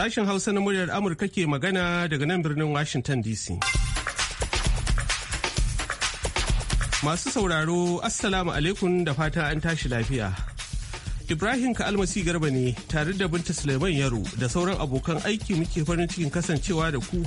Sashen Hausa na muryar Amurka ke magana daga nan birnin Washington DC. Masu sauraro, Assalamu alaikum da fata an tashi lafiya. Ibrahim Ka'almasi Garba ne tare da Binta Suleiman Yaro da sauran abokan aiki muke farin cikin kasancewa da ku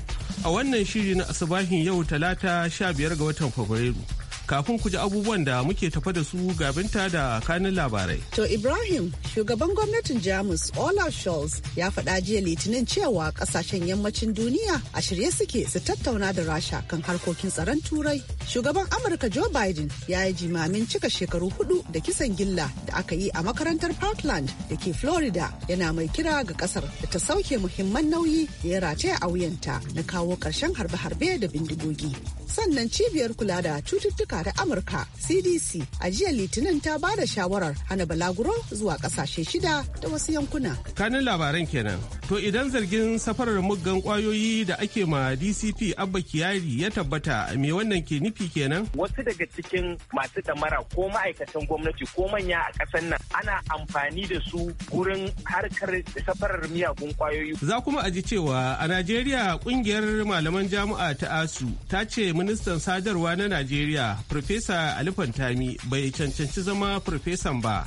a wannan shiri na Asabahin yau talata 15 ga watan Fabrairu. kafin ku ji abubuwan da muke tafa da su gabinta da kanin labarai. To Ibrahim, shugaban gwamnatin Jamus Olaf Scholz ya faɗa jiya litinin cewa ƙasashen yammacin duniya a shirye suke su tattauna da Rasha kan harkokin tsaron Turai. Shugaban Amurka Joe Biden ya yi jimamin cika shekaru hudu da kisan gilla da aka yi a makarantar Parkland da ke Florida yana mai kira ga ƙasar da ta sauke muhimman nauyi da ya rataya a wuyanta na kawo ƙarshen harbe-harbe da bindigogi. Sannan cibiyar kula da cututtuka Amurka da Amurka CDC a jiya Litinin ta ba da shawarar hana balaguro zuwa ƙasashe shida da wasu yankuna. Kanin labaran kenan. To idan zargin safarar muggan kwayoyi da ake ma DCP Abba Kiyari ya tabbata me wannan ke nufi kenan? Wasu daga cikin masu damara ko ma'aikatan gwamnati ko manya a ƙasar nan ana amfani da su gurin harkar safarar miyagun kwayoyi. Za kuma a ji cewa a Najeriya kungiyar malaman jami'a ta ASU ta ce ministan sadarwa na Najeriya Farfesa Ali Fantami bai cancanci zama profesan ba.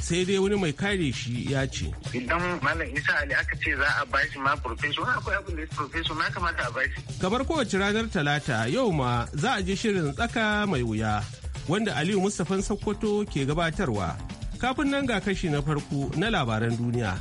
sai dai wani mai kare shi ya ce. Idan Malam Isa Ali aka ce za a bashi ma profession akwai abin da profeso na kamata a bashi. Kamar kowace ranar Talata yau ma za a je shirin tsaka mai wuya wanda Aliyu Mustapha Sokoto ke gabatarwa. Kafin nan ga kashi na farko na labaran duniya.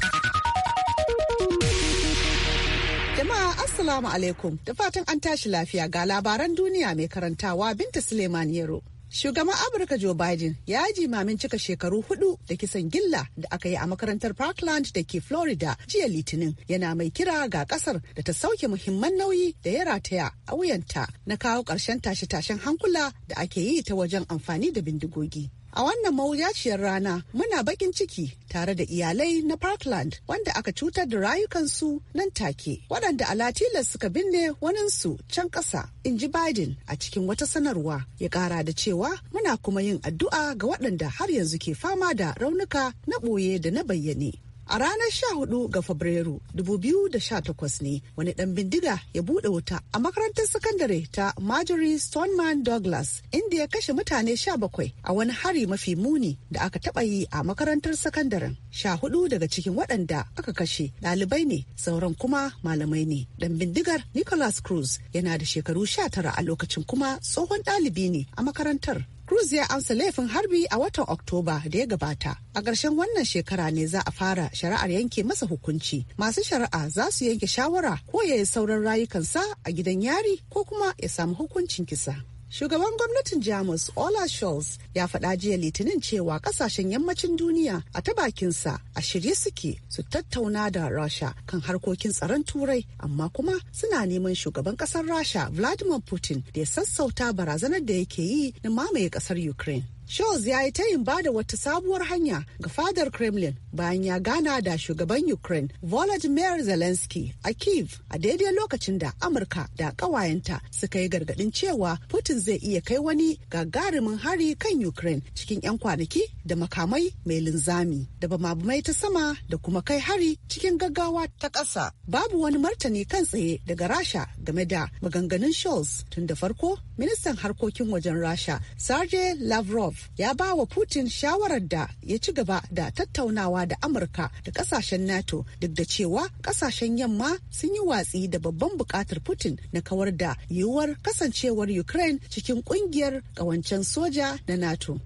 Jama'a Assalamu alaikum da fatan an tashi lafiya ga labaran duniya mai karantawa Binta Suleiman Yero. Shugaban Amurka Joe Biden ya mamin cika shekaru hudu da kisan gilla da aka yi a makarantar Parkland da ke Florida jiya Litinin yana mai kira ga kasar da ta sauke muhimman nauyi da ya rataya a wuyanta na kawo ƙarshen tashe-tashen hankula da ake yi ta wajen amfani da bindigogi. A wannan mawuyaciyar rana muna bakin ciki tare da iyalai na Parkland wanda aka cutar da rayukansu nan take waɗanda alatilas suka binne waninsu can ƙasa in ji Biden a cikin wata sanarwa ya ƙara da cewa muna kuma yin addu'a ga waɗanda har yanzu ke fama da raunuka na ɓoye da na bayyane. A ranar 14 ga Fabrairu 2018 ne wani ɗan bindiga ya buɗe wuta a makarantar sakandare ta Marjorie Stoneman Douglas inda ya kashe mutane 17 a wani hari mafi muni da aka taɓa yi a makarantar sakandaren. 14 daga cikin waɗanda aka kashe ɗalibai ne sauran kuma malamai ne. dan bindigar Nicholas Cruz yana da shekaru 19 a lokacin kuma tsohon ɗalibi ne a makarantar Cruz ya amsa laifin harbi a watan Oktoba da ya gabata. A ƙarshen wannan shekara ne za a fara shari'ar yanke masa hukunci. Masu shari'a za su yanke shawara ko ya yi sauran rayukansa a gidan yari ko kuma ya samu hukuncin kisa. Shugaban gwamnatin Jamus Ola Scholz ya faɗa jiya Litinin cewa ƙasashen yammacin duniya a ta bakinsa a shirye suke su tattauna da Rasha kan harkokin tsaron Turai amma kuma suna neman shugaban ƙasar Rasha Vladimir Putin da ya sassauta barazanar da yake yi na mamaye ƙasar Ukraine. Scholz ya yi tayin ba da wata sabuwar hanya ga fadar Kremlin bayan ya gana da shugaban Ukraine Volodymyr Zelensky a Kiev a daidai lokacin da Amurka da ƙawayenta suka yi gargaɗin cewa Putin zai iya kai wani gagarumin hari kan Ukraine cikin 'yan kwanaki da makamai mai linzami da bamabumai ta sama da kuma kai hari cikin gaggawa ta ƙasa. Babu wani martani kan tsaye daga Rasha game da maganganun Scholz tun da farko ministan harkokin wajen rasha sergei lavrov ya ba wa putin shawarar da ya ci gaba da tattaunawa da amurka da kasashen nato duk da cewa kasashen yamma sun yi watsi da babban bukatar putin na kawar da yiwuwar kasancewar ukraine cikin kungiyar kawancen soja na nato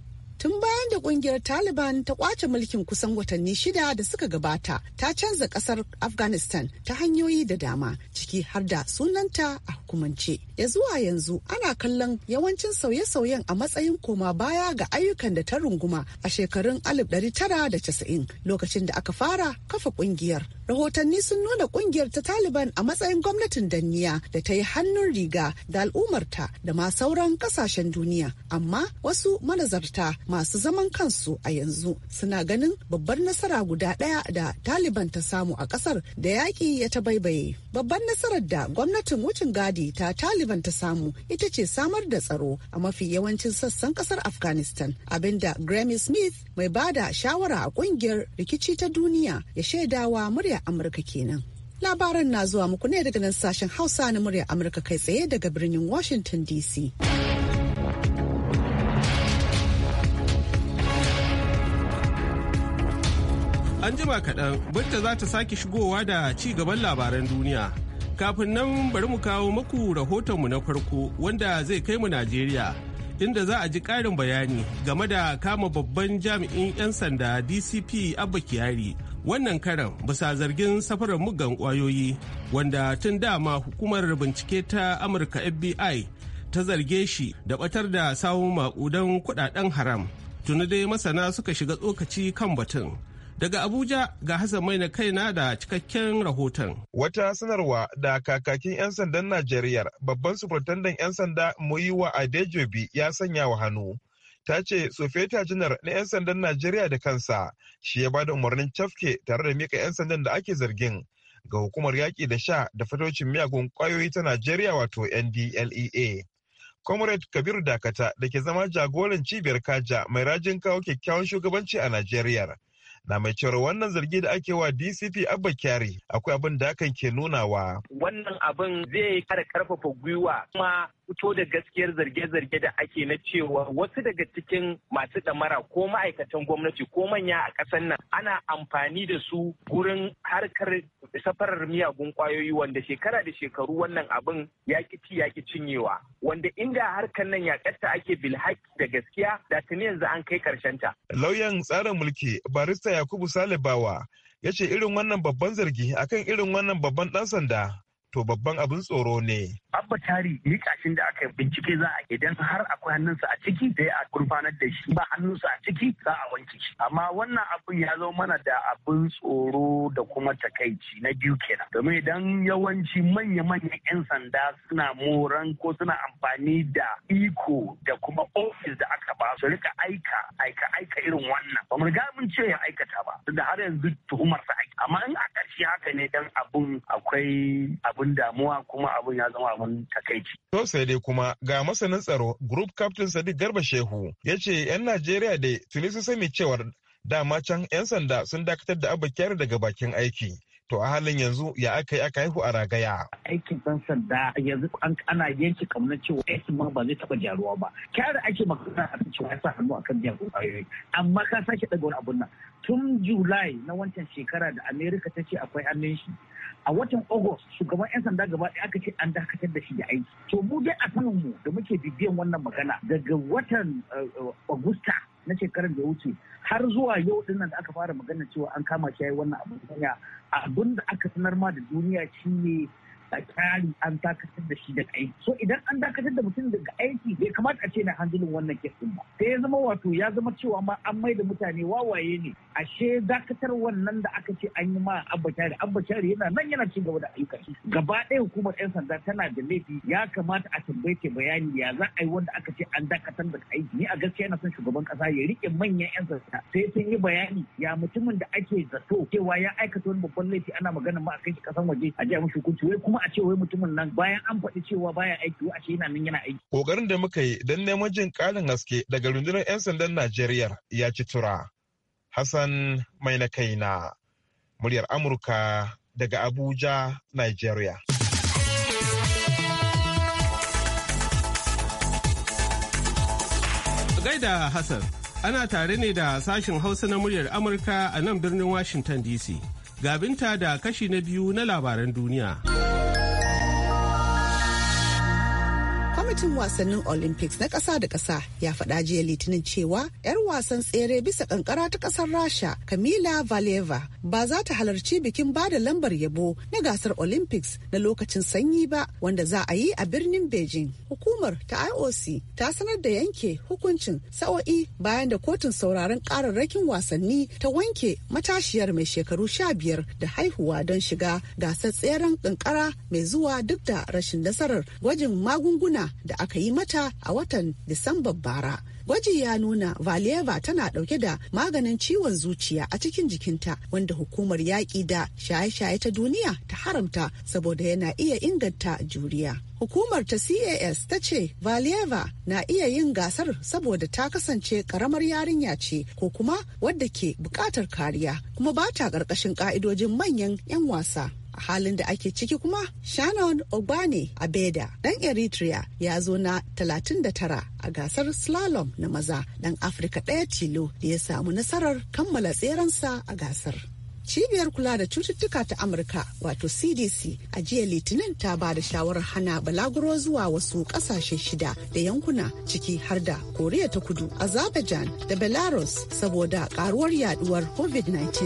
tun bayan da kungiyar taliban ta kwace mulkin kusan watanni shida da suka gabata ta canza kasar afghanistan ta hanyoyi da dama ciki har da sunanta a hukumance ya zuwa yanzu ana kallon yawancin sauye-sauyen a matsayin koma baya ga ayyukan da ta runguma a shekarun 1990 lokacin da aka fara kafa kungiyar rahotanni sun nuna kungiyar ta taliban a matsayin gwamnatin danniya da ta yi hannun riga da al'ummarta da ma sauran kasashen duniya amma wasu manazarta masu zaman kansu a yanzu suna ganin babbar nasara guda ɗaya da taliban ta samu a ƙasar da yaƙi ya ta baibaye babbar nasarar da gwamnatin wucin gadi ta taliban ta samu ita ce samar da tsaro a mafi yawancin sassan ƙasar afghanistan abinda grammy smith mai bada shawara a ƙungiyar rikici ta duniya ya shaidawa murya amurka kenan labaran na zuwa muku ne daga nan sashen hausa na murya amurka kai tsaye daga birnin washington dc An jima kaɗan, Binta za ta sake shigowa da ci gaban labaran duniya. Kafin nan bari mu kawo muku rahotonmu na farko wanda zai kai mu Najeriya. Inda za a ji ƙarin bayani game da kama babban jami'in 'yan sanda DCP Abba Kyari. Wannan karan bisa zargin safarar mugan kwayoyi wanda tun dama hukumar bincike ta Amurka FBI ta zarge shi da batar da sawun maƙudan kudaden haram. Tuni dai masana suka shiga tsokaci kan batun. Daga Abuja ga Hassan mai Maina kaina da cikakken rahoton. Wata sanarwa da kakakin 'yan sandan Najeriya babban sufurtandan 'yan sanda Muyiwa Adejobi ya sanya wa hannu. Ta ce Sofeta Janar na 'yan sandan Najeriya da kansa shi ya bada umarnin cafke tare da mika 'yan sandan da ake zargin ga hukumar yaƙi da sha da fatocin miyagun ƙwayoyi ta Najeriya wato NDLEA. Comrade Kabiru Dakata da ke zama jagoran cibiyar Kaja mai rajin kawo kyakkyawan shugabanci a Najeriya. na mai cewar wannan zargi da ake wa DCP Abba Kyari akwai abin da hakan ke nunawa. Wannan abin zai kara karfafa gwiwa kuma fito da gaskiyar zarge-zarge da ake na cewa wasu daga cikin masu ɗamara ko ma'aikatan gwamnati ko manya a ƙasar nan ana amfani da su gurin harkar safarar miyagun ƙwayoyi wanda shekara da shekaru wannan abin ya yaƙi ci ƙi cinyewa wanda inda harkar nan yaƙarta ake bilhaki da gaskiya da tuni yanzu an kai ƙarshen ta. Lauyan tsarin mulki barista Yakubu Salibawa ya ce irin wannan babban zargi akan irin wannan babban ɗan sanda to babban abin tsoro ne. Abba tari nikashin da aka bincike za a idan har akwai hannunsa a ciki sai a gurfanar da shi ba hannunsa a ciki za a wanke shi. Amma wannan abin ya zo mana da abin tsoro da kuma takaici na biyu kenan. Domin idan yawanci manya-manyan 'yan sanda suna moran ko suna amfani da iko da kuma ofis da aka ba su rika aika aika aika irin wannan. Ba mu riga mun ce ya aikata ba. Da har yanzu sa aiki. Amma in a ƙarshe haka ne dan abun akwai abin abin damuwa kuma abin ya zama abin takaici. To sai dai kuma ga masanin tsaro Group Captain Sadiq Garba Shehu ya ce 'yan Najeriya da tuni su sani cewar dama can 'yan sanda sun dakatar da abakiyar daga bakin aiki. to a halin yanzu ya aka yi aka haihu a ragaya. Aikin ɗan sanda yanzu ana yanke kamar cewa ya ma ba zai taɓa jaruwa ba. Kyara ake magana a cewa ya sa hannu akan jaru ƙwayoyi. Amma ka sake ɗaga wani abun nan. Tun Julai na wancan shekara da Amerika ta ce akwai hannun shi a watan august shugaban 'yan sanda gaba ɗaya aka ce an dakatar da shi da aiki to mu dai a sanin mu da muke bibiyan wannan magana daga watan eh, augusta na shekarar da wuce har zuwa yau din nan da aka fara magana cewa an kama shi yayi wannan abun abin da aka sanar ma da duniya shine tsakani an dakatar da shi daga aiki so idan an dakatar da mutum daga aiki bai kamata a ce na handilin wannan kesin ba sai ya zama wato ya zama cewa ma an mai da mutane wawaye ne ashe dakatar wannan da aka ce an yi ma abba kyari abba kyari yana nan yana ci gaba da ayyuka gaba ɗaya hukumar yan sanda tana da laifi ya kamata a tambaye ta bayani ya za a yi wanda aka ce an dakatar daga aiki ni a gaskiya yana son shugaban kasa ya rike manyan yan sanda sai sun yi bayani ya mutumin da ake zato cewa ya aikata wani babban laifi ana magana ma a kai kasan waje a ji a hukunci wai kuma a ce wai mutumin nan bayan an faɗi cewa baya aiki a yana nan yana aiki. Kokarin da muka yi don neman jin ƙarin haske daga rundunar 'yan sandan Najeriya ya ci tura. Hassan mai na kaina muryar Amurka daga Abuja, Najeriya. Gaida Hassan, ana tare ne da sashen Hausa na muryar Amurka a nan birnin Washington DC. Gabinta da kashi na biyu na labaran duniya. kwamitin wasannin olympics na kasa da kasa ya faɗa jiya litinin cewa 'yar wasan tsere bisa kankara ta ƙasar rasha kamila valeva ba za ta halarci bikin ba da lambar yabo na gasar olympics na lokacin sanyi ba wanda za a yi a birnin beijing hukumar ta ioc ta sanar da yanke hukuncin sa'o'i bayan da kotun sauraron kararrakin wasanni ta wanke matashiyar mai shekaru sha biyar da haihuwa don shiga gasar tseren kankara mai zuwa duk da rashin nasarar gwajin magunguna da aka yi mata a watan Disambar bara. Gwaji ya nuna Valieva tana dauke da maganin ciwon zuciya a cikin jikinta wanda hukumar yaƙi da shaye-shaye ta duniya ta haramta saboda yana iya inganta juriya. Hukumar ta CAS ta ce Valieva na iya yin gasar saboda ta kasance karamar yarinya ce ko kuma wadda ke buƙatar kariya kuma ba ta ƙarƙashin ƙa'idojin manyan 'yan wasa. halin da ake ciki kuma shannon ogbani abeda dan eritrea ya zo na 39 a gasar slalom na maza dan afirka daya tilo da ya samu nasarar kammala tserensa a gasar cibiyar kula da cututtuka ta amurka wato cdc a jiya litinin ta ba da shawarar hana balaguro zuwa wasu kasashe shida da yankuna ciki har da koriya ta kudu azerbaijan da belarus saboda karuwar yaduwar covid-19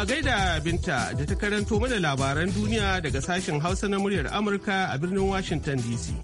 a gaida binta da ta karanto mana labaran duniya daga sashen Hausa na muryar Amurka a birnin Washington DC.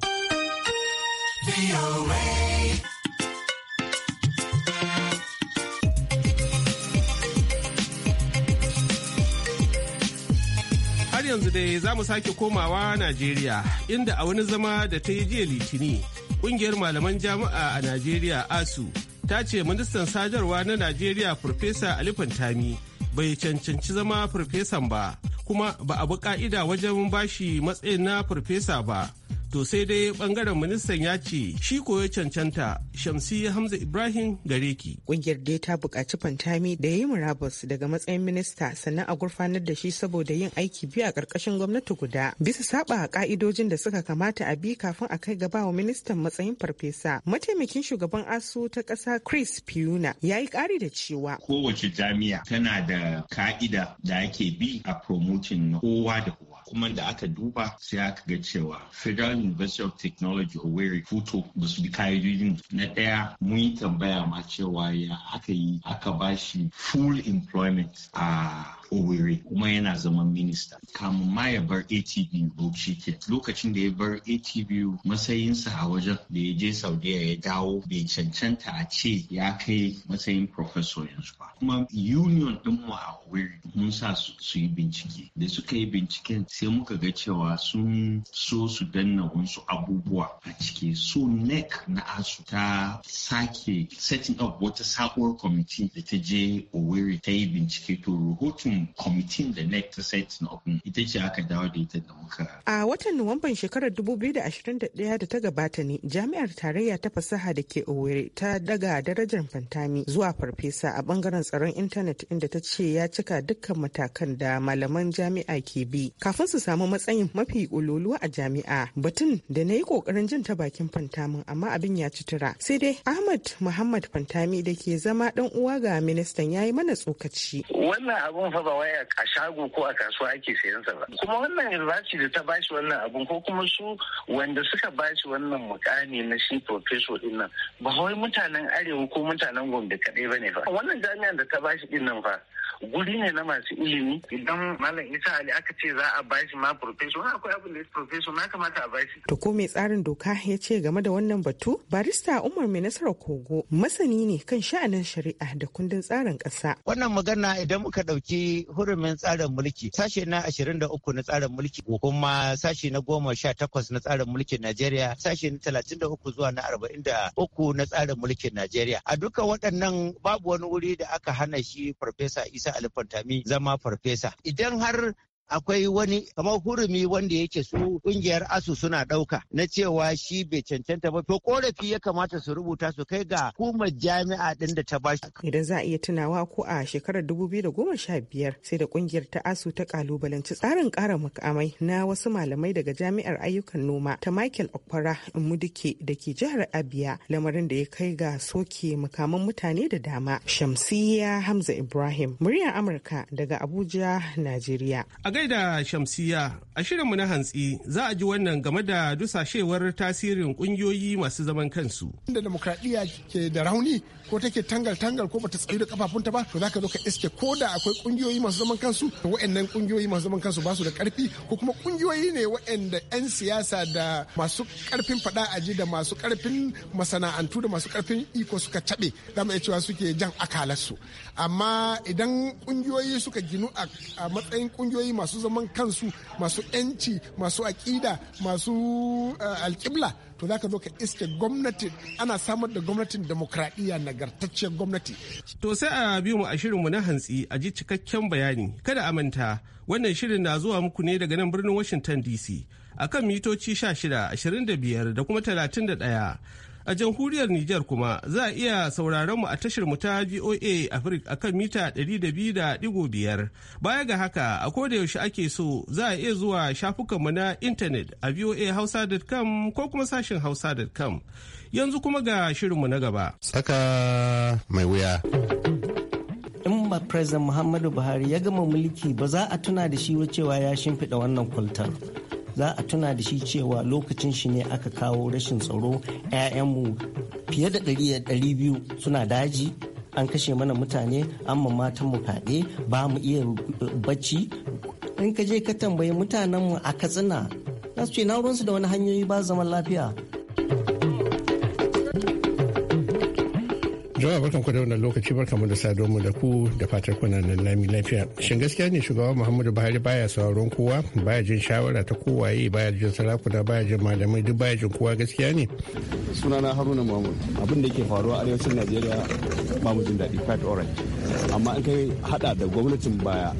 Har yanzu dai za mu sake komawa Najeriya inda a wani zama da ta yi jiya litini Kungiyar malaman jami'a a Najeriya ASU ta ce ministan sadarwa na najeriya farfesa ali fantami bai cancanci zama farfesan ba kuma ba a bi ka'ida wajen bashi matsayin na farfesa ba To sai dai bangaren ministan ya ce shi koyo cancanta Shamsi Hamza Ibrahim gare ki. Kungiyar dai ta buƙaci Fantami da ya yi murabus daga matsayin minista sannan a gurfanar da shi saboda yin aiki biyu a ƙarƙashin gwamnati guda. Bisa saba ka'idojin da suka kamata a bi kafin a kai gaba wa ministan matsayin farfesa. Mataimakin shugaban ASU ta ƙasa Chris Piuna ya yi ƙari da cewa. Kowace jami'a tana da ka'ida da ake bi a promoting kowa da kowa. Kuma da aka duba sai aka ga cewa federal University of Technology where Futo we su bi ka'idojin na ɗaya mun yi cewa ya aka yi aka ba full employment a uh, Owerri kuma yana zaman minista. Kamun ma ya bar ATBU bauchi ke lokacin da ya bar ATBU matsayinsa a wajen da ya je Saudiya ya dawo bai cancanta a ce ya kai matsayin professor yanzu ba. Kuma union ɗinmu a Owerri mun sa su yi bincike. Da suka yi binciken sai muka ga cewa sun so su danna wasu abubuwa a ciki. So NEC na ASU ta sake setting up wata sabuwar kwamiti da ta je Owerri ta yi bincike to rahoton kan kwamitin da nec ta site open ita ce aka dawo da ita da muka a watan nuwamban shekarar 2021 da ta gabata ne jami'ar tarayya ta fasaha da ke owerri ta daga darajar fantami zuwa farfesa a bangaren tsaron intanet inda ta ce ya cika dukkan matakan da malaman jami'a ke bi kafin su samu matsayin mafi ƙololuwa a jami'a batun da na yi ƙoƙarin jin ta bakin fantamin amma abin ya ci tura sai dai ahmad muhammad fantami da ke zama dan uwa ga ministan ya yi mana tsokaci wannan abin fa ba wai a shago ko a kasuwa ake sayan sa ba kuma wannan university da ta bashi wannan abun ko kuma su wanda suka bashi wannan mukami na shi professor din nan ba wai mutanen arewa ko mutanen gombe kadai bane fa wannan jami'an da ta bashi din nan fa guri ne na masu ilimi idan malam isa ali aka ce za a ba shi ma profession akwai abin da ya profession na kamata a shi. to ko mai tsarin doka ya ce game da wannan batu barista umar mai nasarar kogo masani ne kan sha'anin shari'a da kundin tsarin ƙasa wannan magana idan muka ɗauki hurumin tsarin mulki sashe na ashirin da uku na tsarin mulki ko kuma sashe na goma sha takwas na tsarin mulkin najeriya sashe na talatin da uku zuwa na arba'in da uku na tsarin mulkin najeriya a duka waɗannan babu wani wuri da aka hana shi farfesa isa Isa Alfartami zama farfesa. Idan har akwai wani kamar hurumi wanda yake su kungiyar asu suna ɗauka na cewa shi bai cancanta ba to korafi ya kamata su rubuta su kai ga hukumar jami'a ɗin da ta bashi. Idan za a iya tunawa ko a shekarar 2015 sai da kungiyar ta asu ta kalubalanci tsarin ƙara mukamai na wasu malamai daga jami'ar ayyukan noma ta Michael Okpara Mudike da ke jihar Abia lamarin da ya kai ga soke mukaman mutane da dama. Shamsiyya Hamza Ibrahim, muryar Amurka daga Abuja, Najeriya. da Shamsiya, a shirinmu na hantsi za a ji wannan game da dusashewar tasirin kungiyoyi masu zaman kansu. Inda demokradiyya ke da rauni ko take tangal-tangal ko bata tsayu da kafafunta ba, to zaka zo ka iske ko da akwai kungiyoyi masu zaman kansu, to waɗannan kungiyoyi masu zaman kansu ba su da karfi ko kuma kungiyoyi ne wa'anda 'yan siyasa da masu karfin a ji da masu karfin masana'antu da masu karfin iko suka taɓe za mu iya cewa suke jan akalarsu. Amma idan kungiyoyi suka ginu a matsayin kungiyoyi masu masu zaman kansu masu 'yanci masu aƙida masu eh, alƙibla to za ka zo ka iske gwamnati ana samar da gwamnatin demokradiyya nagartacciyar gwamnati. To sai a bi mu a shirinmu na hantsi a ji cikakken bayani kada a manta wannan shirin na zuwa muku ne daga nan birnin Washington DC akan mitoci 16, 25 da kuma 31. A jamhuriyar Nijar kuma za a iya sauraron mu a tashar mu ta VOA Africa akan mita 200.5. Baya ga haka a koda yaushe ake so za a iya zuwa shafukan mu na intanet a voahausa.com ko kuma sashin hausa.com. Yanzu kuma ga shirin mu na gaba. Saka mai wuya. in ba President Muhammadu Buhari ya gama mulki ba za a tuna da shi cewa ya shimfiɗa wannan kwaltar. za a tuna da shi cewa lokacin shi ne aka kawo rashin tsaro 'ya'yanmu fiye da biyu suna daji an kashe mana mutane an matan mu fyaɗe ba mu iya bacci in ka je ka tambayi mutanenmu a katsina Na su ce na ruwansu da wani hanyoyi ba zaman lafiya Jama'a barkan ku da wannan lokaci barkan mu da saduwar mu da ku da fatar kuna nan lami lafiya. Shin gaskiya ne shugaba Muhammadu Buhari baya sauraron kowa, baya jin shawara ta kowaye, baya jin sarakuna, baya jin malamai, duk baya jin kowa gaskiya ne? Sunana Haruna Mahmud. Abin da yake faruwa a arewacin Najeriya ba mu jin daɗi, fat orange Amma in kai hada da gwamnatin baya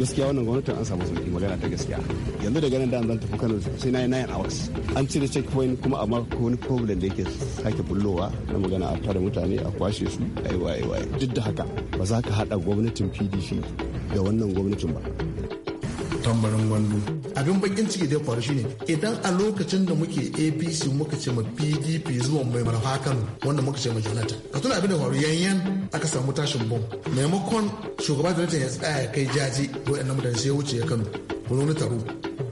gaskiya wannan gwamnatin an samu sauki magana ta gaskiya yanzu daga nan da zan tafi kano sai na yi nine hours an cire checkpoint kuma amma ko wani problem da yake sake bullowa na magana a tare mutane a kwashe su a yi waye waye duk da haka ba za ka haɗa gwamnatin pdp da wannan gwamnatin ba tambarin gwando abin bakin ciki dai ya faru shine idan a lokacin da muke apc muka ce ma pdp zuwa mai marfa kano wanda muka ce ma jonathan ka tuna abin da faru yanyan aka samu tashin bom maimakon shugaba jonathan ya tsaya kai jaji ina mutane sai ya wuce ya kano wani taro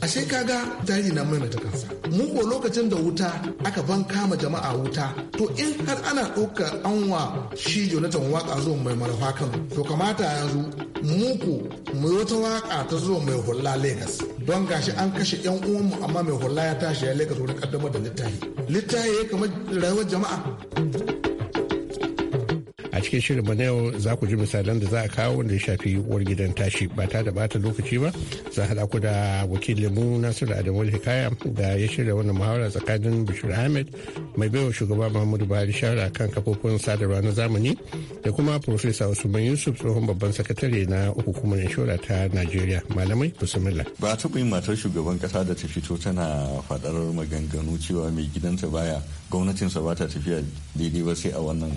ashe kaga jari na maimaita kansa mu ko lokacin da wuta aka ban kama jama'a wuta to in har ana ɗauka anwa shi jonathan waka zuwa mai marafa kan to kamata yanzu mu ko mu wata waka ta zuwa mai hula lagos don gashi an kashe yan uwanmu amma mai hula ya tashi ya lagos wani kaddamar da littahi littahi ya kamar rayuwar jama'a cikin shirin ba na yau za ku ji misalan da za a kawo wanda ya shafi uwar gidan tashi ba ta da bata lokaci ba za a ku da wakilin mu nasiru adamu hikaya da ya shirya wannan muhawara tsakanin bashir ahmed mai baiwa shugaba muhammadu buhari shawara kan kafofin sadarwa na zamani da kuma profesa usman yusuf tsohon babban sakatare na hukumar inshora ta najeriya malamai bismillah ba ta yin matar shugaban kasa da ta fito tana fadar maganganu cewa mai gidanta baya gwamnatinsa ba ta tafiya daidai ba sai a wannan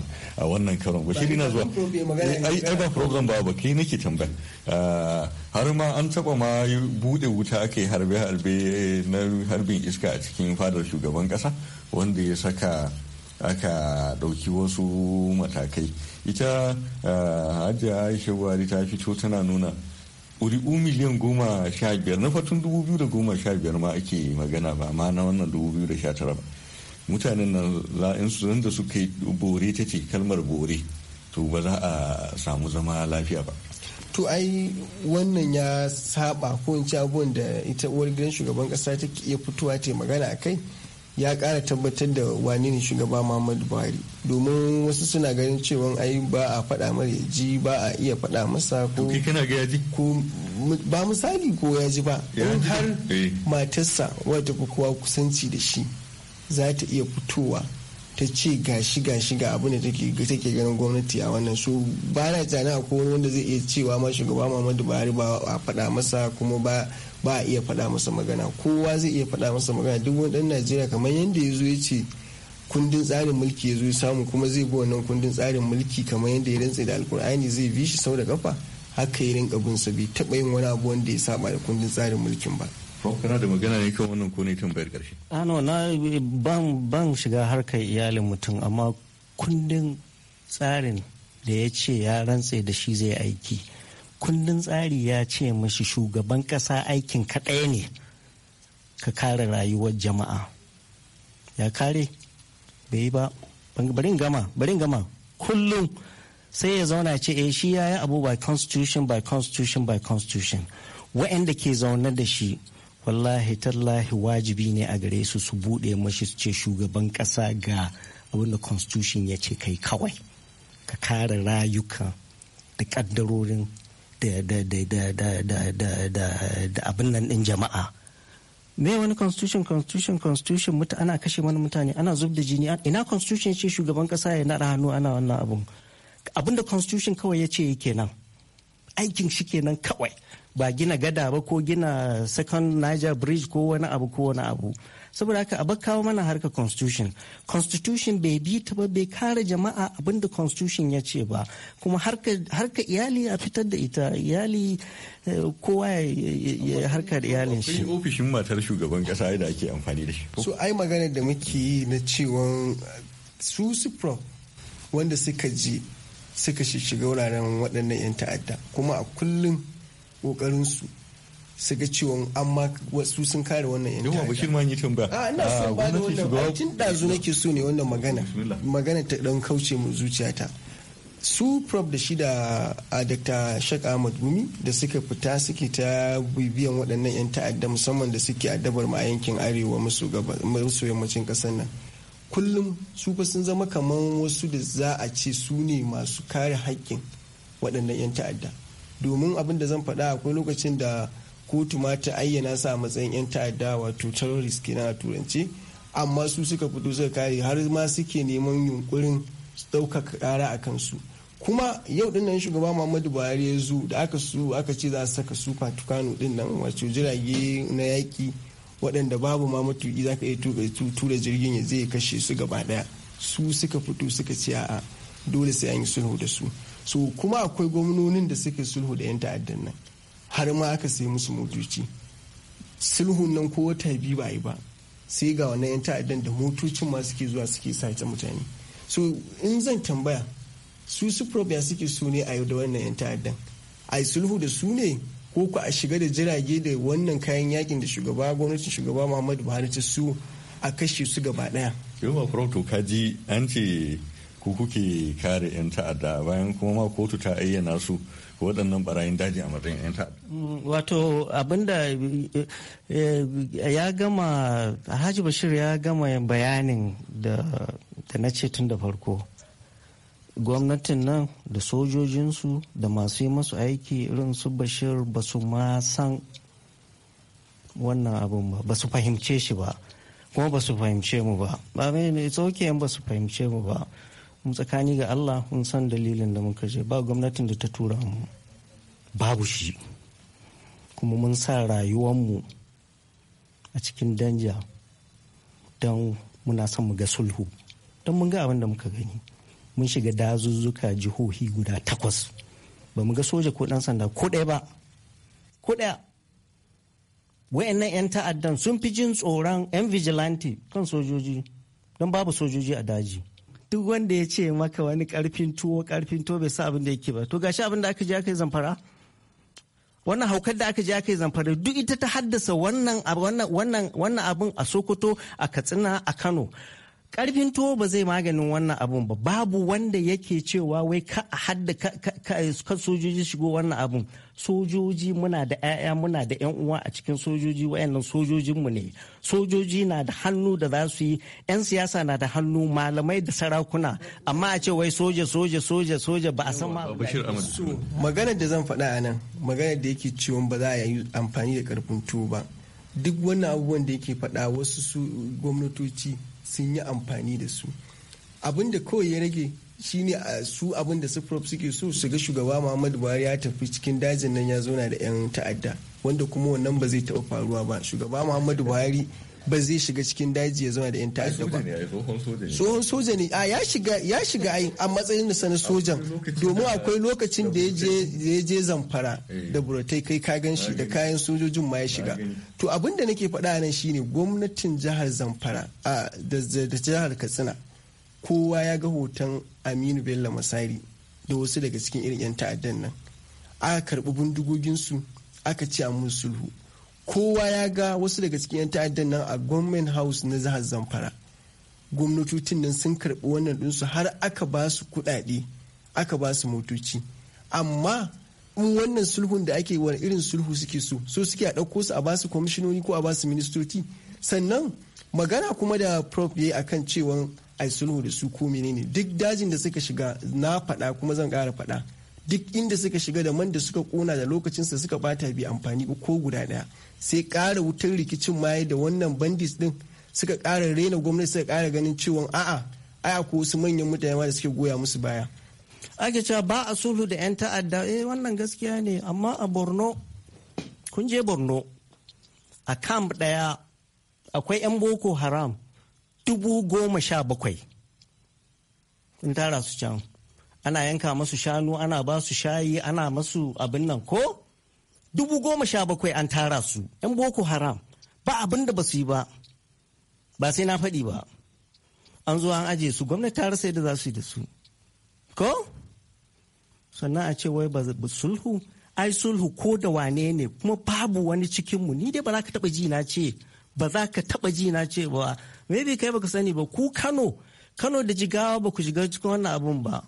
a shiri na zuwa eh, ai ba program ba ba kai nake tambaya ah, har ma an taba ma bude wuta ake harbe harbe na harbin iska a cikin fadar shugaban kasa wanda ya saka aka dauki wasu matakai ita ah, hajiya aisha wari ta fito tana nuna ƙuri'u miliyan goma sha biyar na fatun dubu biyu da goma sha biyar ma ake magana ba ma na wannan dubu biyu da sha tara ba mutanen nan za'in su da suka yi bore ta ce kalmar bore to ba za a samu zama lafiya ba to ai wannan ya saba ko in ci abubuwan da ita uwar gidan shugaban kasa take iya fitowa ta magana a kai ya kara tabbatar da wani ne shugaba muhammadu buhari domin wasu suna ganin cewa ai ba a faɗa mara ya ji ba a iya faɗa masa ko ba misali ko ya ji ba in har eh. matarsa wata kowa kusanci da shi za ta iya fitowa ta ce gashi gashi ga abin da take ganin gwamnati a wannan su ba na tunanin ko wani wanda zai iya cewa ma shugaba muhammadu buhari ba a faɗa masa kuma ba a iya faɗa masa magana kowa zai iya faɗa masa magana duk wani ɗan najeriya kamar yadda ya zo ya ce kundin tsarin mulki ya zo ya samu kuma zai bi wannan kundin tsarin mulki kamar yadda ya rantse da alkur'ani zai bi shi sau da kafa haka ya rinka bin sa taɓa yin wani abu wanda ya saba da kundin tsarin mulkin ba ko kana da magana ne kan wannan ko ne tambayar karshe ano ah, na ban ban shiga harkar iyalin mutum amma kundin tsarin da ya ce ya rantse da shi zai aiki kundin tsari ya ce mashi shugaban kasa aikin kaɗai ne ka kare rayuwar jama'a ya kare bai ba barin gama barin gama kullum sai ya zauna ce eh shi ya yi abu by constitution by constitution by constitution wa'anda ke zaune da shi wallahi tallahi wajibi ne a gare su su buɗe mashi su ce shugaban ƙasa ga abinda constitution ya ce kai kawai ka kare rayuka da ƙaddarorin da abin nan ɗin jama'a me wani constitution constitution constitution mutu ana kashe wani mutane ana zub da jini ina constitution ce shugaban kasa ya naɗa hannu ana wannan abun abin da constitution kawai ya ce kenan aikin shi kenan kawai ba gina gada ba ko gina second niger bridge ko wani abu ko wani abu saboda haka a kawo mana harka constitution constitution bai bi ta ba bai kare jama'a abinda da constitution ya ce ba kuma harka iyali a fitar da ita iyali eh, kowa ya harka da iyalin shi ofishin matar shugaban kasa da ake amfani da shi so ai magana da muke yi na cewa su supra wanda suka ji suka shiga wuraren waɗannan 'yan ta'adda kuma a kullum kokarin su su ga cewa amma wasu sun kare wannan yan yawa ma yi tambaya a ah, ina son ah, ba da wannan tun dazu nake so ne wannan magana magana ta dan kauce mu zuciyata su prof da shi da dr shak ahmad gumi da suka fita suke ta bibiyan waɗannan 'yan ta'adda musamman da suke addabar ma yankin arewa maso yammacin ƙasar nan kullum su fa sun zama kamar wasu da za a ce su ne masu kare haƙƙin waɗannan 'yan ta'adda domin abin da zan faɗa akwai lokacin da kotu ma ta ayyana sa a matsayin 'yan ta'adda wato terrorist kenan a turance amma su suka fito suka kare har ma suke neman yunkurin ɗaukaka ƙara a kansu kuma yau din nan shugaba muhammadu buhari ya zo da aka su aka ce za su saka su fatukano din nan wato jirage na yaƙi waɗanda babu ma matuki za ka iya tura jirgin ya zai kashe su gaba ɗaya su suka fito suka ce a'a dole sai an yi sulhu da su so kuma akwai gwamnonin da suke sulhu da 'yan ta'addan nan har ma aka sai musu motoci sulhun nan ko wata biyu ba yi ba sai ga wannan 'yan ta'addan da motocin ma suke zuwa suke sace mutane so in zan tambaya su su ya suke so ne a yau da wannan 'yan ta'addan a yi sulhu da su ne ko ku a shiga da jirage da wannan kayan yakin da shugaba gwamnatin shugaba muhammadu buhari ta su a kashe su gaba daya yau ma to kaji an ce ku kuke kare 'yan ta'adda bayan kuma ma kotu ta ayyana su waɗannan barayin daji a matsayin 'yan ta'adda. Mm, wato abinda eh, ya gama hajji bashir ya gama bayanin da na ce tun da farko gwamnatin nan da sojojinsu da masu yi masu aiki irin su bashir ba su ma san wannan abin ba ba su fahimce shi ba kuma ba su fahimce mu ba ba mai tsoke ba su fahimce mu ba mu tsakani ga Allah mun san dalilin da muka je ba gwamnatin da ta tura mu babu shi kuma mun sa mu a cikin danja don muna son mu ga sulhu don mun ga abin da muka gani mun shiga dazuzzuka jihohi guda takwas ba mu ga soja ko dan sanda ko ɗaya ba ko ɗaya 'yan ta'addan sun fi jin tsoron 'yan vigilante kan sojoji don babu sojoji a daji duk wanda ya ce maka wani karfin tuwo karfin tuwo bai sa abin da yake ba to gashi abin da aka je aka yi zamfara wannan haukar da aka je aka yi zamfara duk ita ta haddasa wannan abin a Sokoto a Katsina a Kano karfin tuwo ba zai maganin wannan abun ba babu wanda yake cewa wai ka hadda ka sojoji shigo wannan abun sojoji muna da 'ya'ya muna da 'yan uwa a cikin sojoji wayannan sojojinmu ne sojoji na da hannu da za su yi 'yan siyasa na da hannu malamai da sarakuna amma a ce wai soja soja soja soja ba a san ma maganar da zan faɗa a nan maganar da yake ciwon ba za a yi amfani da karfin tuwo ba duk wannan abubuwan da yake faɗa wasu su gwamnatoci sun yi amfani da su abin da kawai ya rage shine a su abin da suprop suke so su ga shugaba muhammadu buhari ya tafi cikin dajin nan ya zauna da 'yan ta'adda wanda kuma wannan ba zai taɓa faruwa ba shugaba muhammadu buhari ba zai shiga cikin daji ya zama da 'yan ta'adda ba tsohon soja ne ya shiga ya a matsayin da sanar sojan domin akwai lokacin da ya je zamfara eh. da buratai kai ka gan shi da kayan sojojin ma ya shiga to abin da nake faɗa nan ne gwamnatin jihar zamfara da jihar katsina kowa ya ga hoton aminu bello masari da wasu daga cikin irin 'yan ta'addan nan aka karɓi bindigoginsu aka ce a mun sulhu kowa ya ga wasu daga cikin 'yan ta'addan nan a government house na jihar zamfara gwamnatocin nan sun karɓi wannan dinsu har aka ba su kudade aka ba su motoci amma in wannan sulhun da ake wani irin sulhu suke so so suke a ɗauko su a ba su kwamishinoni ko a ba su ministoci sannan magana kuma da prof ya yi akan cewa ai sulhu da su ko menene duk dajin da suka shiga na faɗa kuma zan ƙara faɗa duk inda suka shiga da man da suka kona da lokacinsa suka bata bi amfani ko guda daya sai kara wutar rikicin maye da wannan bandits din suka kara rena gwamnati suka kara ganin cewa a'a ai ko wasu manyan mutane ma da suke goya musu baya ake cewa ba a sulhu da 'yan ta'adda eh wannan gaskiya ne amma a borno kun je borno a camp daya akwai 'yan boko haram dubu goma sha bakwai in tara su can ana yanka masu shanu ana ba su shayi ana masu abin nan ko dubu goma sha bakwai an tara su yan boko haram ba abin da ba su yi ba ba sai na faɗi ba an zo an aje su gwamnati ta rasa yadda za su yi da su ko sannan a ce wai ba sulhu ai sulhu ko da wane ne kuma babu wani cikinmu ni dai ba za ka taba ji na ce ba za ka taba ji na ce ba maybe kai baka sani ba ku kano kano da jigawa ba ku shiga cikin wannan abun ba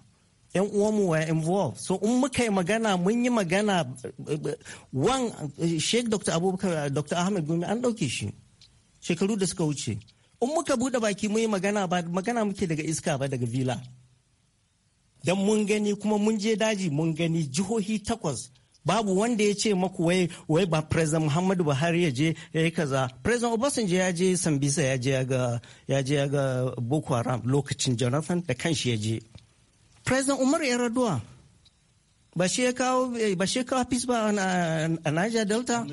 'yan uwanmu were involve so in muka yi magana mun yi magana wan sheik dr abubakar eh, dr ahmed gumi an ɗauke shi shekaru da suka wuce in muka buɗe baki mun yi magana ba magana muke daga iska ba daga vila don mun gani kuma mun je daji mun gani jihohi takwas babu wanda ya ce maku wai wai ba president muhammadu buhari ya je ya yi kaza president obasanjo ya je sambisa ya je ya ga boko haram lokacin jonathan da kanshi ya je president umar yar'adua ba shi ya kawo eh, ba shi kawo peace ba a niger delta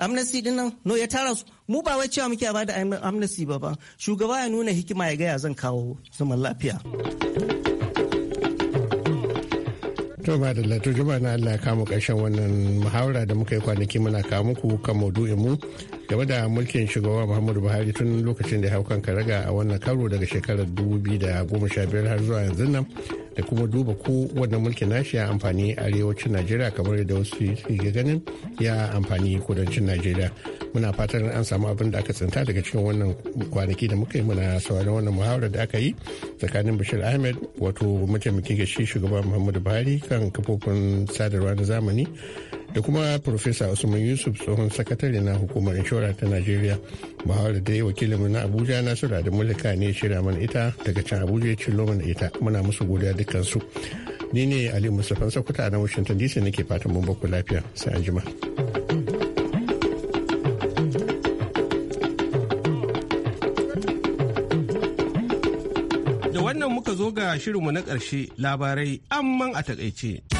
amnesty din nan no ya tara su mu ba wai cewa muke ba da amnesty ba ba shugaba ya nuna hikima ya gaya zan kawo zaman lafiya To ba da lato juma na Allah kamu karshen wannan muhawara da muka yi kwanaki muna kawo muku kan maudu'in mu game da mulkin shugaba Muhammadu Buhari tun lokacin da ya hau kan karaga a wannan karo daga shekarar 2015 har zuwa yanzu nan da kuma duba ko wannan mulkin nashi ya amfani arewacin najeriya kamar da wasu suke ganin ya amfani kudancin najeriya muna fatan an samu abin da aka tsinta daga cikin wannan kwanaki da muka yi muna sauraron wannan muhawarar da aka yi tsakanin bashir ahmed wato mataimakin gashi shugaban muhammadu buhari kan kafofin sadarwa na zamani da kuma Profesa Usman Yusuf tsohon sakatare na hukumar inshora ta Najeriya. Bahar da ya wakilin na Abuja Nasiru da Mulika ne shirya mana ita daga can Abuja ya cillo mana ita muna musu godiya su Ni ne Ali Mustapha Sakuta nan Washington DC nake fatan mun baku lafiya sai an jima. Da wannan muka zo ga shirinmu na ƙarshe labarai amman a takaice.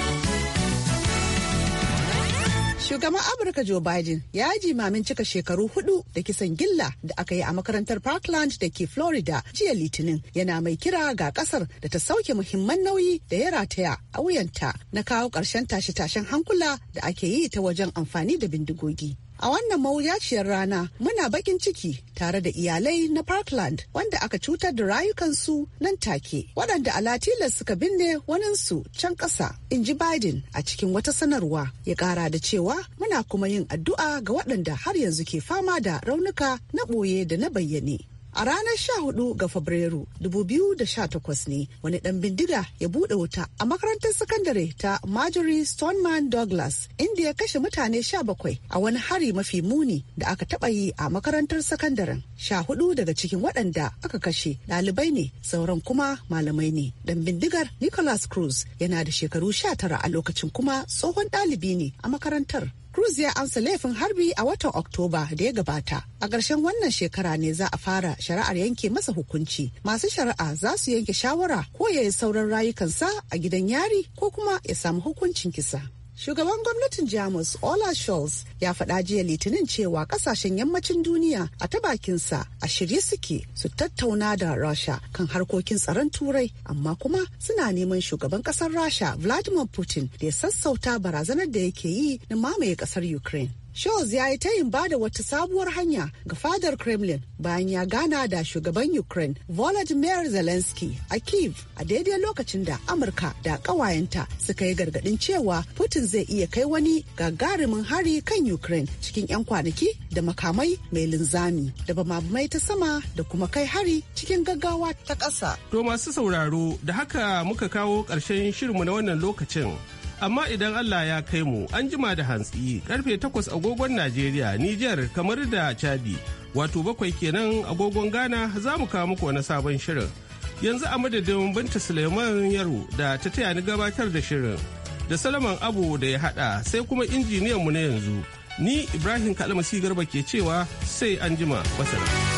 Shugaban Amurka Joe Biden ya jimamin cika shekaru hudu da kisan gilla da aka yi a makarantar Parkland da ke Florida jiya Litinin yana mai kira ga kasar da ta sauke muhimman nauyi da ya rataya a wuyanta na kawo ƙarshen tashe-tashen hankula da ake yi ta wajen amfani da bindigogi. A wannan mawuyaciyar rana muna bakin ciki tare da iyalai na Parkland wanda aka cutar da rayukansu nan take waɗanda alatilas suka binne waninsu can ƙasa in ji Biden a cikin wata sanarwa ya ƙara da cewa muna kuma yin addu'a ga waɗanda har yanzu ke fama da raunuka na ɓoye da na bayyane A ranar 14 ga Fabrairu 2018 ne wani ɗan bindiga ya buɗe wuta a makarantar sakandare ta Marjorie Stoneman Douglas inda ya kashe mutane 17 a wani hari mafi muni da aka taɓa yi a makarantar sakandaren. 14 daga cikin waɗanda aka kashe ɗalibai ne sauran kuma malamai ne. Ɗan bindigar Nicholas Cruz yana da shekaru 19 a lokacin kuma tsohon ɗalibi ne a makarantar. Cruz ya amsa laifin harbi a watan Oktoba da ya gabata. A ƙarshen wannan shekara ne za a fara shari'ar yanke masa hukunci. Masu shari'a za su yanke shawara ko ya yi sauran rayukansa a gidan yari ko kuma ya samu hukuncin kisa. Shugaban gwamnatin Jamus Ola Scholz ya faɗa jiya Litinin cewa ƙasashen yammacin duniya a ta bakinsa a shirye suke su tattauna da Rasha kan harkokin tsaron Turai amma kuma suna neman shugaban ƙasar Rasha Vladimir Putin da ya sassauta barazanar da yake yi na mamaye ƙasar Ukraine. Scholz ya yi tayin bada wata sabuwar hanya ga fadar Kremlin bayan ya gana da shugaban Ukraine Volodymyr Zelensky a Kiev a daidai lokacin da Amurka da ƙawayenta suka yi gargaɗin cewa Putin zai iya kai wani gagarumin hari kan Ukraine cikin 'yan kwanaki da makamai mai linzami da bamabamai ta sama da kuma kai hari cikin gaggawa ta ƙasa. To masu sauraro da haka muka kawo ƙarshen shirinmu na wannan lokacin. amma idan Allah ya kai mu an jima da hantsi karfe 8 agogon Najeriya Nijar kamar da Chadi wato bakwai kenan agogon Ghana za mu kawo muku wani sabon shirin yanzu a madadin Binta Suleiman Yaro da ta taya ni gabatar da shirin da Salaman Abu da ya hada sai kuma injiniyan mu na yanzu ni Ibrahim Kalmasi Garba ke cewa sai an jima basara